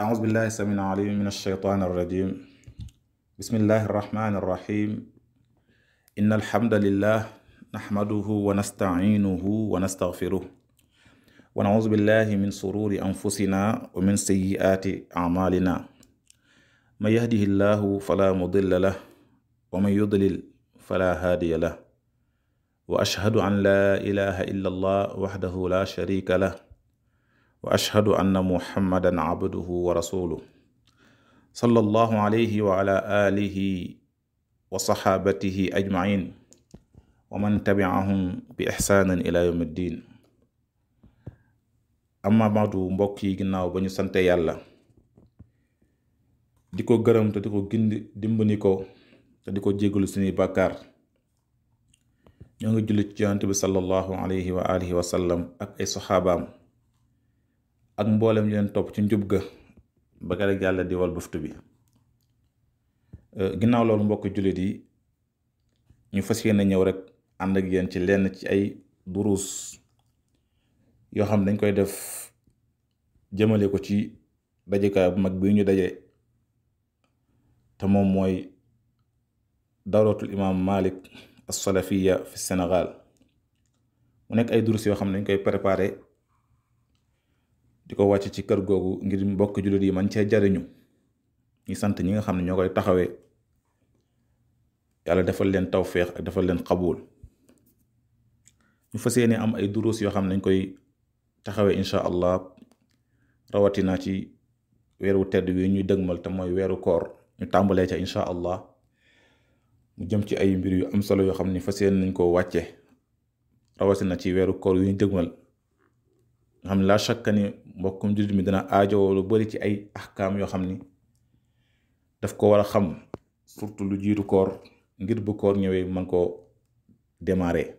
أعوذ بالله السميع العليم من الشيطان الرجيم بسم الله الرحمن الرحيم إن الحمد لله نحمده ونستعينه ونستغفره ونعوذ بالله من سرور أنفسنا ومن سيئات أعمالنا من يهده الله فلا مضل له ومن يضلل فلا هادي له وأشهد أن لا إله إلا الله وحده لا شريك له وأشهد أن محمدا عبده ورسوله صلى الله عليه وعلى آله وصحابته أجمعين ومن تبعهم بإحسان إلى يوم الدين أما بعد مبكي جنا وبني سنت يلا ديكو غرم تديكو جند ديمبنيكو تديكو جيغلو سني بكار نيغي جولي صلى الله عليه وآله وسلم أك أي صحابام ak mboolem leen topp ci njub ga ba keroog yàlla di wal buftu bi euh, ginnaaw loolu mbokk jullit yi ñu fas yéene ñëw rek ànd ak yéen ci lenn ci ay duruus yoo xam ne dañ koy def jëmale ko ci dajekaay bu mag bi ñu dajee te moom mooy dawratul imaam Malik as-Salafiyya fi Sénégal mu nekk ay duruus yoo xam ne dañ koy préparé di ko wàcc ci kër googu ngir mbokk jullit yi man cee jariñu ñi sant ñi nga xam ne ñoo koy taxawee yàlla defal leen tawféex ak defal leen xabul ñu fas yéene am ay duruus yoo xam ne dañ koy taxawee incha allah rawatina ci weeru tedd wi ñuy dëgmal mooy weeru koor ñu tàmbalee ca incha allah mu jëm ci ay mbir yu am solo yoo xam ne fas yéene nañ koo wàcce rawatina ci weeru koor yu ñu dëgmal. xam la chaque shakka ni mbokkum jullit mi dana aajo lu bari ci ay ahkam yo xamni daf ko wara xam surtout lu jitu koor ngir bu koor ñewé man ko démarrer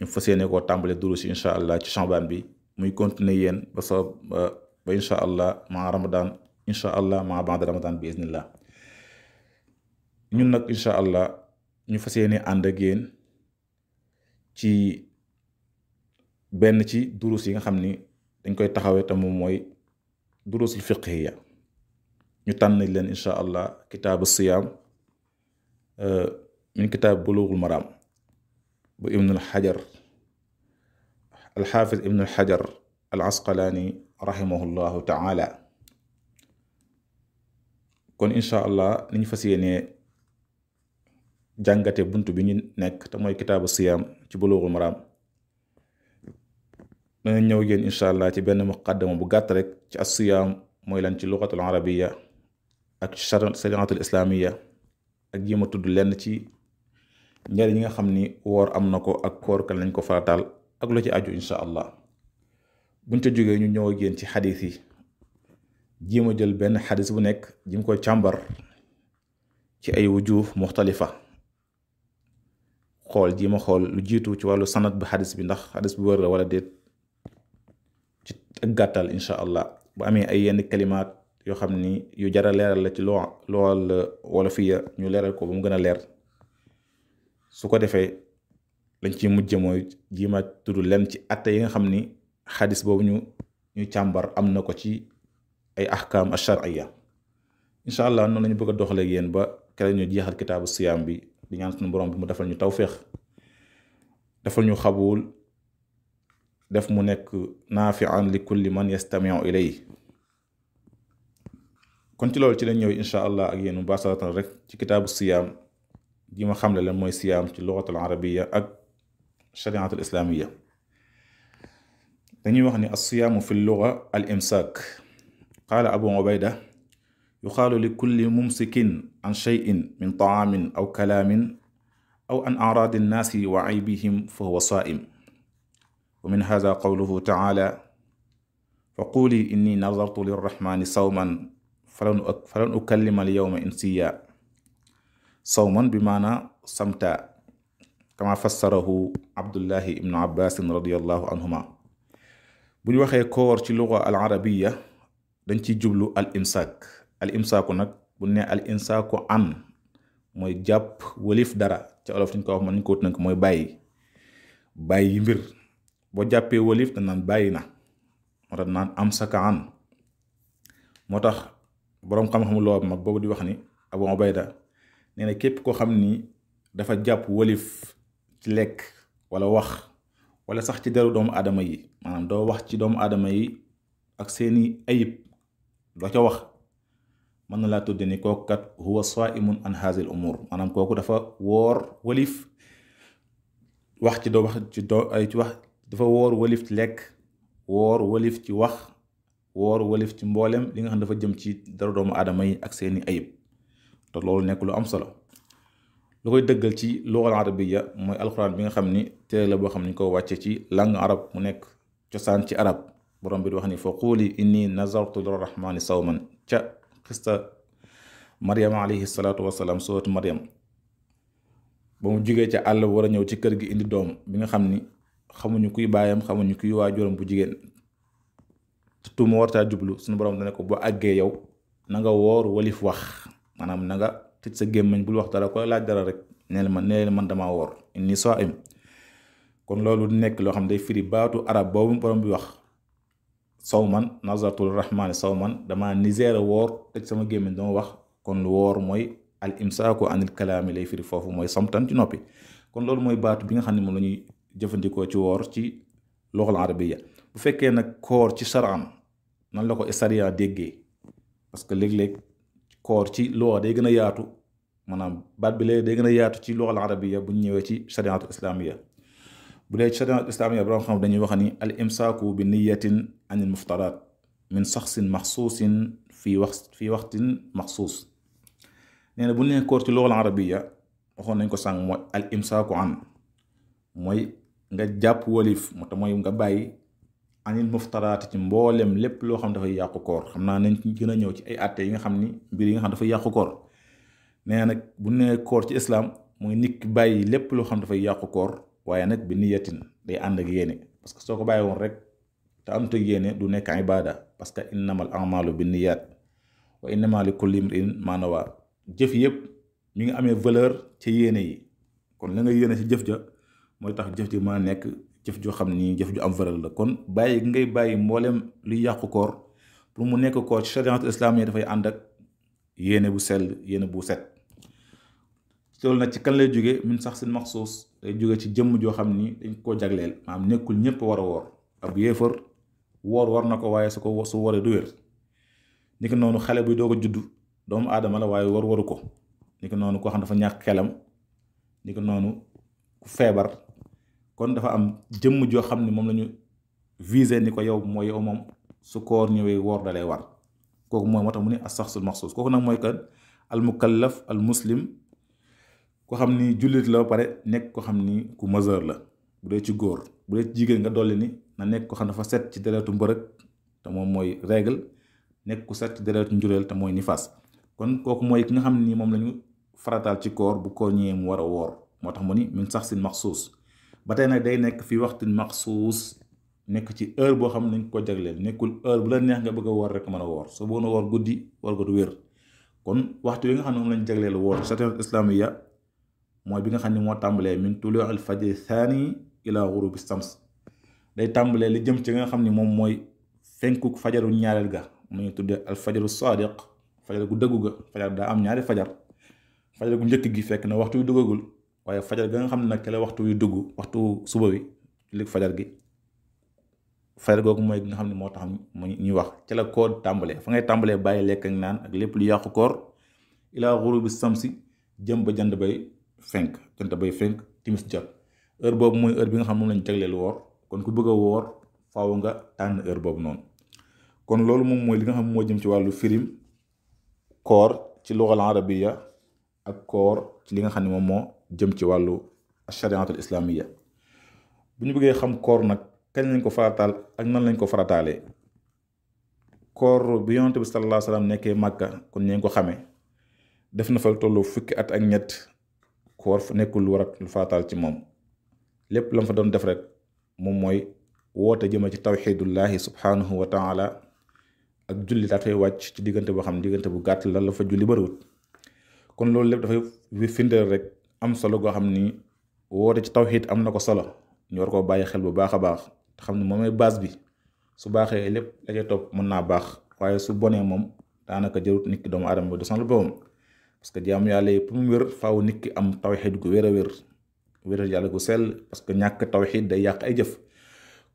ñu fas yéene koo tàmbale duru ci inshallah ci chambaan bi muy continuer yéen ba so ba inshallah ma ramadan inshallah ma ba'd ramadan bi iznillah ñun nak inshallah ñu fas yéene ànd ak yéen ci benn ci durus yi nga xam ni dañ koy taxawee te moom mooy durusul fiqhiya ñu tànn leen insha allah kitaabu siyaam min kitaab bulugul maram bu ibnul xajar alxaafiz ibnul xajar al asqalaani rahimahullahu taala kon insha allah ni ñu fas yéenee jàngate bunt bi ñu nekk te mooy kitaabu siyaam ci bulugul maram نانا نيو ان شاء الله تي بن مقدمه بو غات ريك تي الصيام موي لان تي اللغه العربيه اك الشريعه الاسلاميه اك جيما تود لين تي نيار نيغا خامني وور امناكو اك كور كان نانكو فراتال اك لو تي اديو ان شاء الله بونتا جوغي ني نيو جين تي حديثي جيما جيل بن حديث بو نيك جيم كو تشامبر تي اي وجوه مختلفه خول جيما خول لو جيتو تي والو سند بحديث بي نخ حديث بو ولا ديت ak gàttal incha allah bu amee ay yenn kalimaat yoo xam ni yu jar a leeral la ci loo loo wala fiya ñu leeral ko ba mu gën a leer su ko defee lañ ciy mujje mooy jiima tudd lenn ci atte yi nga xam ni xaalis boobu ñu ñu càmbar am na ko ci ay ahkaam ash-shar'iyya incha allah noonu lañu bëgg a doxalee ak yéen ba keneen ñu jeexal kitaabu siyaam bi di ñaan suñu borom bi mu defal ñu tawféex defal ñu xabuwul def mu nekk naafian li kulli man yastamiu ilayh kon ci loolu ci la ñëw insha allah ak yéenu mubasaratan rek ci kitaabu siyaam ji ma xamle lan mooy siyaam ci al arabiya ak shariat al islamiya dañuy wax ni alsiyaamu fi lluga al imsaak qaala abu ubayda yuqaalu li kulli mumsikin an cheyin min taamin aw أو aw an araadi nnaasi wa aybihim fa huwa ومن هذا قوله تعالى فقولي إني نظرت للرحمن صوما فلن فلن أكلم اليوم إنسيا صوما بمعنى صمتا كما فسره عبد الله بن عباس رضي الله عنهما بني وخي كور اللغة العربية دنتي جبل الإمساك الإمساك نك بني الإمساك عن موي جاب وليف دارا تعالوا فين كوف من كوت نك موي باي باي مير bo jàppee wolif da nan bàyyi na moo tax naan am sa kaan moo tax boroom xam-xamu loo mag boobu di wax ni abu ubayda nee na képp xam ni dafa jàpp wolif ci lek wala wax wala sax ci deru doomu aadama yi maanaam doo wax ci doomu aadama yi ak seeni ayib doo ca wax mën na ni kat huwa saimun an hazil umur manam kooku dafa woor wolif wax ci doo wax ci doo ay ci wax dafa woor walif ci lekk woor walif ci wax woor walif ci mboolem li nga xam dafa jëm ci dara doomu aadama yi ak seeni ayib te loolu nekk lu am solo lu koy dëggal ci luxal arabiya mooy alxuraan bi nga xam ni téere la boo xam ni ko wàcce ci lang arab mu nekk cosaan ci arab borom bi di wax ni fa quuli inni nazartu lirrahmani sawman ca xista maryam alayhi salaatu wasalaam suuratu maryam ba mu jugee ca àll war a ñëw ci kër gi indi doom bi nga xam ni xamuñu kuy baayam xamuñu kuy waajuram bu jigéen te tuuma wartaa jublu suñu borom dana ko boo àggee yow na nga woor walif wax maanaam nanga nga tëj sa gémmañ bul wax dara ko laaj dara rek neel man neel man dama woor inni saa'im kon loolu nekk loo xam day firi baatu arab boobu boroom bi wax sawman nazaratul rahmaani man dama niseer a woor tëj sama gémmañ dama wax kon lu woor mooy al imsaaku anil kalaami lay firi foofu mooy samtan ci noppi jëfandikoo ci woor ci loxol arabiya bu fekkee nag koor ci saraan nan la ko sariya déggee parce que léeg-léeg koor ci loi day gën a yaatu maanaam baat bi léegi day gën a yaatu ci loxol arabiya bu ñëwee ci shariatu islamiya bu dee ci shariatu islamiya borom xam dañuy wax ni al imsaku bi niyatin an al muftarat min saxsin maxsuusin fi wax fi waxtin maxsuus nee na bu nee koor ci loxol arabiya waxoon nañ ko sànq mooy al imsaku an mooy nga jàpp walif moo tax mooy nga bàyyi anil muftaraati ci mboolem lépp loo xam dafay yàqu koor xam naa nañ ci gën a ñëw ci ay atte yi nga xam ni mbir yi nga xam dafay yàqu koor nee nag bu nee koor ci islaam mooy nit ki bàyyi lépp loo xam dafay yàqu koor waaye nag bi niyatin day ànd ak yéene parce que soo ko bàyyi woon rek te am te yéene du nekk ibaada parce que innamal amalu bi niyaat wa innama li kulli imrin maa nawaa jëf yëpp mi ngi amee valeur ci yéene yi kon la nga yéene ci jëf ja moy tax jëf ji ma a nekk jëf ju xam ni jëf ju am valeur la kon bàyyi ngay bàyyi mboolem luy yàqu koor pour mu nekk koor ci chariatul islam yi dafay ànd ak yéene bu sell yéene bu set loolu nag ci kan lay jóge min sax sin maxsuus day jóge ci jëmm joo xam ni dañ ko jagleel maanaam nekkul ñëpp war a woor ab yéefar woor war na ko waaye su ko su waree du wér ni ki noonu xale bi doo ko judd doomu aadama la waaye war waru ko ni ki noonu koo xam dafa ñàkk xelam ni ki noonu ku feebar kon dafa am jëmm joo xam ne moom lañu ñu visé ni ko yow mooy yow moom su koor ñëwee woor dalay war kooku mooy moo tax mu ne as-shakhsul maxsuus kooku nag mooy kan al mukallaf al muslim ko xam ni jullit la pare nekk ko xam ni ku majeur la ci góor bu jigéen nga dolli ni na nekk ko xam dafa set ci deretu mbërëg te moom mooy règle nekk ku set ci deretu mooy nifaas kon kooku mooy ki nga xam ni moom la ñu ci koor bu koor ñëwee mu war a woor moo tax mu ni min saxsin maxsuus ba tey nag day nekk fi waxtu maxsuus nekk ci heure boo xam ne ko jagleel nekkul heure bu la neex nga bëgg a woor rek mën a woor soo bëggoon a woor guddi woor ko wér kon waxtu wi nga xam ne moom lañ jagleel woor satan islamiya mooy bi nga xam ne moo tàmbalee min tulu al fajr thani ila ghurubi sams day tàmbalee li jëm ci nga xam ne moom mooy fenkuk fajaru ñaareel ga mu ñu al fajaru sadiq fajar gu dëggu ga fajar daa am ñaari fajar fajar gu njëkk gi fekk na waxtu yu duggagul waaye fajar ga nga xam ne nag ca la waxtu yu dugg waxtu suba wi li fajar gi fajar googu mooy nga xam ne moo tax mu ñuy wax ca la koor tàmbalee fa ngay tàmbalee bàyyi lekk ak naan ak lépp lu yàqu koor ilaa xurubi samsi jëm ba jant bay fenk jant bay fenk timis jot heure boobu mooy heure bi nga xam moom lañ jagleel woor kon ku bëgg a woor faaw nga tànn heure boobu noonu kon loolu moom mooy li nga xam moo jëm ci wàllu firim koor ci luxal arabiya ak koor ci li nga xam ne moom moo jëm ci wàllu chariatul islamiya bu ñu bëggee xam koor nag kañ lañ ko farataal ak nan lañ ko farataale koor bi yonante bi sallallahu alayhi nekkee màkka kon ñu ngi ko xamee def na fa tollu fukki at ak ñett koor nekkul lu war a farataal ci moom lépp lam fa doon def rek moom mooy woote jëma ci tawxidullahi subhanahu wa taala ak julli daa fay wàcc ci diggante boo xam diggante bu gàtt la la fa julli bëriwut kon loolu lépp dafay firndeel rek am solo go xamni ni ci tawhid am nako ko solo ñu war ko baye xel bu baaxa baax xamni momay ne base bi su baaxee lepp la ca top mën naa baax waye su bonee moom daanaka jërut nit ki doomu sonal parce que yalla mu wër faaw nit ki am tawhid gu wér a wér wéral yàlla gu sel parce que ñak tawhid day yaq ay jëf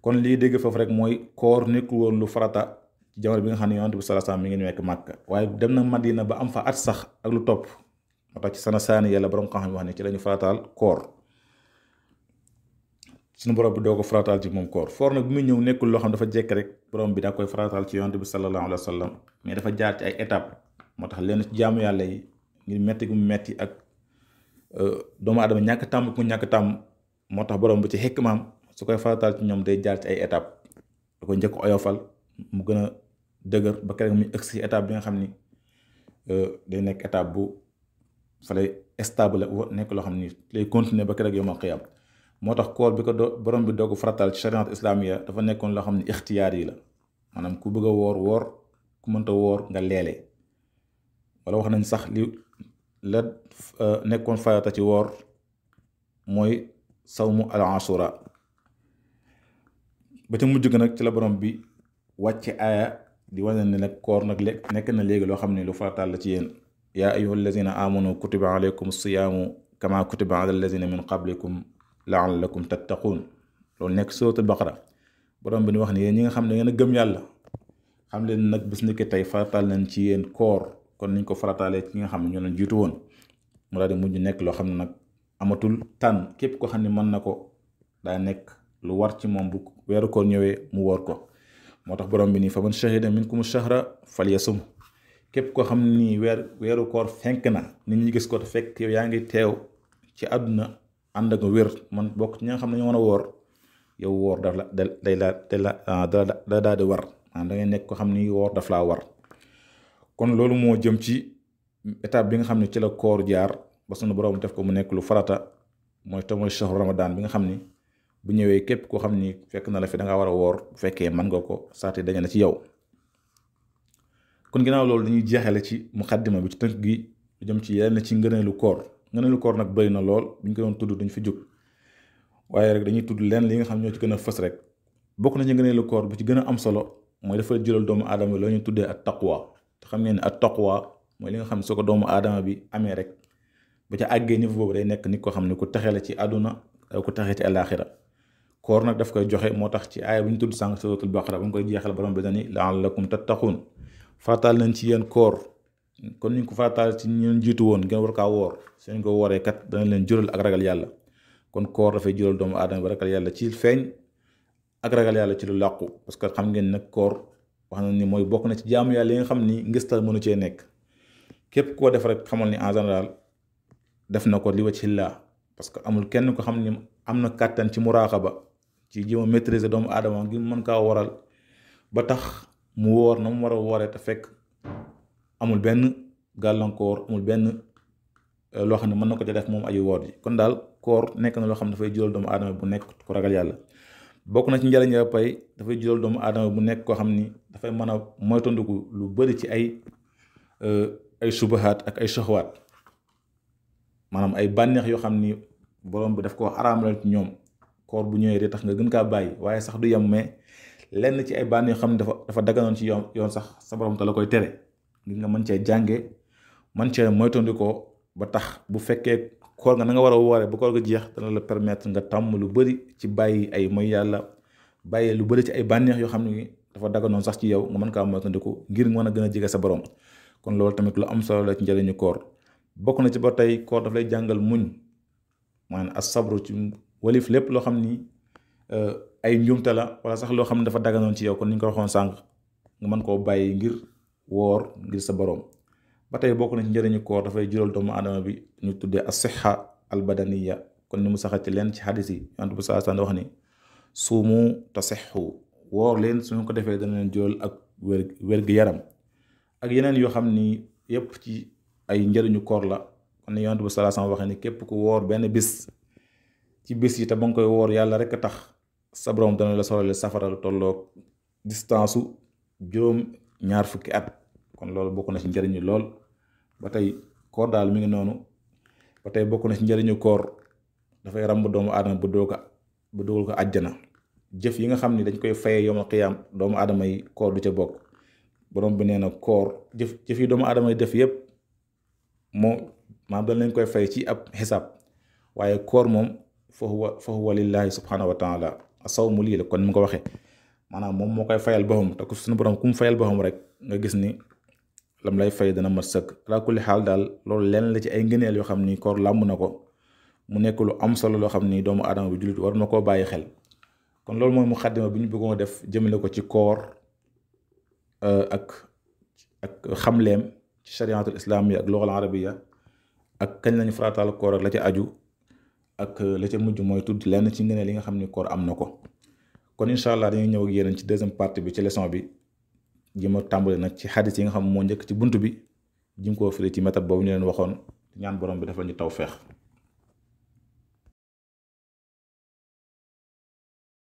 kon li dégg fofu rek moy koor nekkul woon lu farata ci bi nga xamni ne sallallahu alayhi wasallam mi ngi makka waye dem na Madina ba am fa at sax ak lu top moo tax ci sana yàlla borom xam-xam wax ne ci lañu farataal koor suñu borom bi doo ko farataal ci moom koor foor nag bu muy ñëw nekkul loo xam dafa jekk rek borom bi daa koy farataal ci yonent bi sallallahu alayhi wa sallam mais dafa jaar ay étape moo tax leen yàlla yi ngir metti gu metti ak euh, doomu aadama ñàkk tàmm ku ñàkk tàmm moo tax borom bi ci xekk maam su koy farataal ci ñoom day jaar ci ay étape da koy njëkk oyofal mu gën a dëgër ba keroog muy ëgg si étape bi nga xam ni euh, day nekk étape bu. fa lay stable nekk loo xam ni lay continuer ba keroog yawmal qiyaam moo tax koor bi ko do borom bi doog faratal ci shariat islamiya dafa nekkoon loo xam ne ixtiyaar yi la maanaam ku bëgg a woor woor ku mënta woor nga leele wala wax nañ sax li la nekkoon fayata ci woor mooy sawmu al asura ba ca mujj ga nag ci la borom bi wàcce aaya di wane ne nag koor nag lekk nekk na léegi loo xam ne lu faratal la ci yéen يا أيها الذين آمنوا كتب عليكم الصيام كما كتب على الذين من قبلكم لعلكم تتقون لو نيك سورة البقرة بروم بن وخني يني خا خامل نين گم يالا خامل نك بس نك تاي فاتال نان تي كور كون نين كو فراتالي تي خا خامل نون جيتو وون مرادي موجي نيك لو خامل نك اماتول تان كيب كو خاني نكو دا نيك لو وار تي موم بو ويرو كو نيوي بروم بني فمن شهد منكم الشهر فليصمه képp koo xam ni weer weeru koor fenk na nit ñi gis ko te fekk yow yaa ngi teew ci àdduna ànd ak wér man bokk ci ñi nga xam ne ñoo mën a woor yow woor daf la day la day la ah, da di war maanaam ah, da ngay nekk koo xam ni woor daf laa war kon loolu moo jëm ci étape bi nga xam ne ci la koor jaar ba sunu borom def ko mu nekk lu farata mooy te mooy shahru ramadan bi nga xam ni bu ñëwee képp koo xam ni fekk na la fi da nga war a woor bu fekkee mën nga ko saati dañu na ci yow. kon ginaaw loolu dañuy jeexale ci muqaddima bi ci tënk gi lu jëm ci yenn ci ngëneelu koor ngëneelu koor nag bëri na lool buñ ko doon tudd duñ fi jóg waaye rek dañuy tudd lenn li nga xam ñoo ci gën a fës rek bokk na ci ngëneelu koor bu ci gën a am solo mooy dafa jëlal doomu aadama bi la ñu tuddee ak taqwa te xam ngeen ne ak taqwa mooy li nga xam ne soo ko doomu aadama bi amee rek ba ca àggee niveau boobu day nekk nit ko xam ne ku texee la ci àdduna ak ku texee ci alaaxira koor nag daf koy joxe moo tax ci aaya bu ñu tudd sànq suratul baqara bu ñu koy jeexal borom bi dani laallakum tattaquun fatal nañ ci yeen koor kon ñu ko fatal ci ñun jitu woon ngeen war ka wor seen ko woré kat dana leen jural ak ragal yalla kon koor dafay jural doomu adam ba ragal yalla ci feñ ak ragal yalla ci lu laqku parce que xam ngeen nak koor wax na ni moy bok na ci jaamu yalla yi nga xam ni ngeestal mënu ci nekk kep ko def rek xamal ni en général def na ko li wa ci parce que amul kenn ko xam ni amna katan ci muraqaba ci jéem maîtriser doomu adam ngi mën ka waral ba tax mu woor na mu war a wooree te fekk amul benn gàllankoor amul benn eh, loo xam ne mën na ko ca def moom aji woor ji kon daal koor nekk na loo xam ne dafay jural doomu aadama bu nekk ko ragal yàlla bokk na ci njëriñ ya pay dafay jural doomu aadama bu nekk koo xam ni dafay mën a moytandiku lu bëri ci ay eh, ay subahaat ak ay soxwaat maanaam ay bànneex yoo xam ni borom bi daf koo araamal ci ñoom koor bu ñëwee de tax nga gën kaa bàyyi waaye sax du yem mais lenn ci ay bànn yoo xam ne dafa dafa dagganoon ci yoon yoon sax sa borom te la koy tere ngir nga mën cee jànge mën cee moytandikoo ba tax bu fekkee koor nga na nga war a wooree ba koor ga jeex dana la permettre nga tàmm lu bëri ci bàyyi ay moy yàlla bàyyi lu bëri ci ay bànneex yoo xam ne dafa dagganoon sax ci yow nga mën kaa moytandiku ngir mën a gën a jege sa borom kon loolu tamit lu am solo la ci njëriñu koor bokk na ci ba tey koor daf jàngal muñ maanaam as sabru lépp loo xam ni euh, ay njumte la wala sax loo xam dafa daganoon ci yow kon ni nga ko waxoon sànq nga mën koo bàyyi ngir woor ngir sa borom ba tey bokk na ci njëriñu koor dafay jural doomu aadama bi ñu tuddee asixa albadaniya kon ni mu saxat ci leen ci xadis yi yonent bu saa saan wax ni suumu tasixu woor leen suñu ko defee dana leen jural ak wér yaram ak yeneen yoo xam yépp ci ay njëriñu koor la kon ni yonent bu saa saan ni képp ku woor benn bis ci bis yi te ba nga koy woor yàlla rek tax sa borom dana la sorale safara lu tolloog distance juróom ñaar fukki at kon loolu bokk na ci njëriñu lool ba tey koor daal mi ngi noonu ba tey bokk na ci njëriñu koor dafay ràmb doomu aadama bu doog bu dugal ko àjjana jëf yi nga xam ni dañ koy fayee yomal xiyaam doomu aadama yi koor du ca bokk borom bi nee na koor jëf jëf yi doomu adama yi def yépp moom maanaam dañ leen koy fay ci ab xisaab waaye koor moom fa huwa fa huwa lillahi subhanahu wa taala asawmu li la kon ni mu ko waxee maanaam moom moo koy fayal boppam ta ko suñu borom kum fayal boppam rek nga gis ni lam lay fay dana ma sëkk la kulli hal dal lolou len la ci ay ngeenel yo xamni kor làmb nako mu nek lu am solo lo xamni doomu adam bi julit war nako koo bàyyi xel kon lolou moy mu bi biñu bëggo def jëmele ko ci kor euh ak ak xamlem ci chariatul islam yi ak loxal arabiyya ak kañ lañu farataal kor ak la ci aju ak la ca mujj mooy tudd lenn ci ngëneel li nga xam ni koor am na ko kon incha allah dañuy ñëw ak ci deuxième partie bi ci leçon bi ji ma tàmbali nag ci xadis yi nga xam moo njëkk ci bunt bi ji ko firi ci méthode boobu ñu leen waxoon ñaan borom bi dafa ñu taw feex